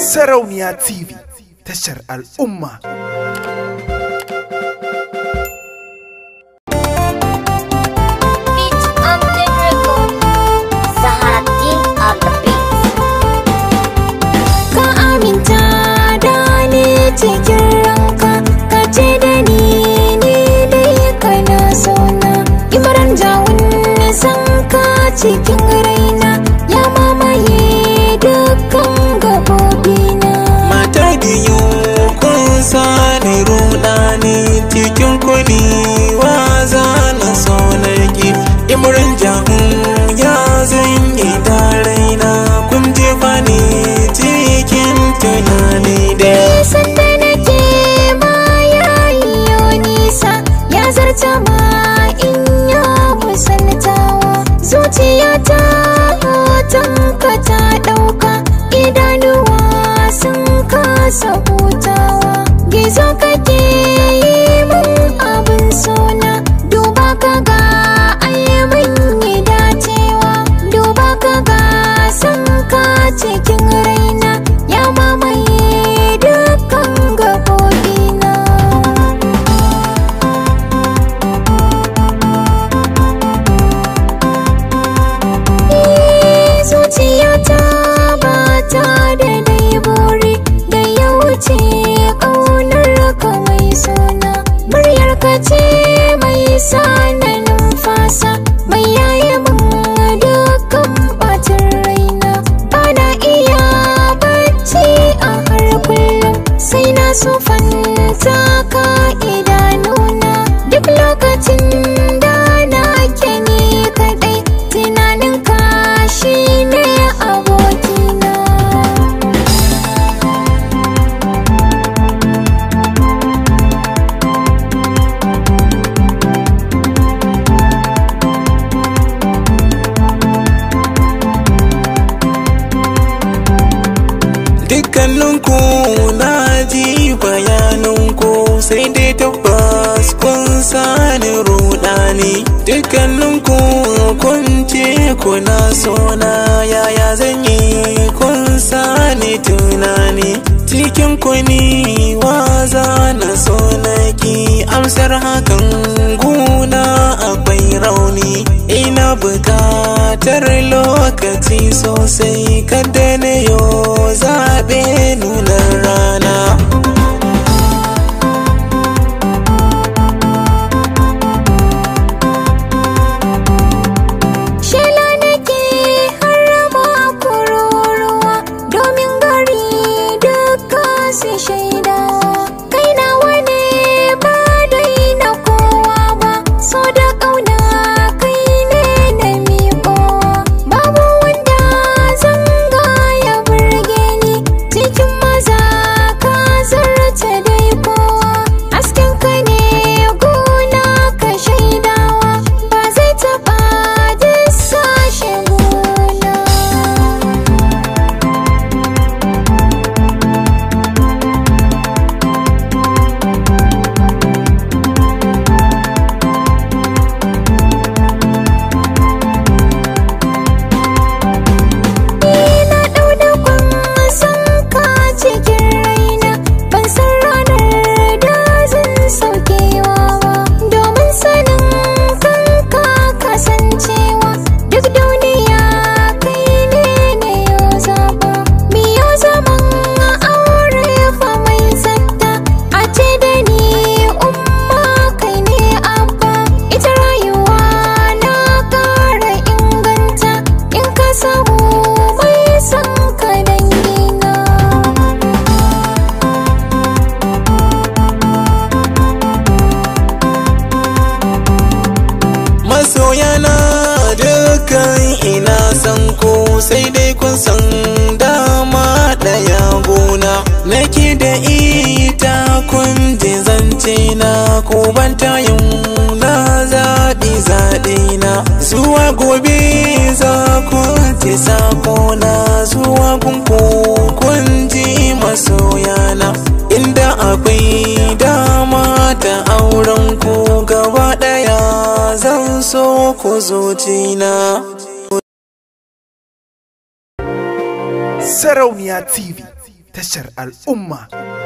Sarauniya TV tashar al'umma. Cikin ranka ka ce da ni ne dai kana sona Imaran jawun nisan ka cikin raina ya mamaye dukkan хотя бы dukkaninku na ji bayaninku sai dai tabbas kun sani rudani dukkaninku kun ce kuna sona yaya zan yi kun sani tunani cikin kuni waza na sonaki amsar hakan guna akwai rauni ina bukatar lokaci sosai sai shaida ta auren ku gaba ɗaya zan so ku jina. Sarauniya TV, tashar al'umma.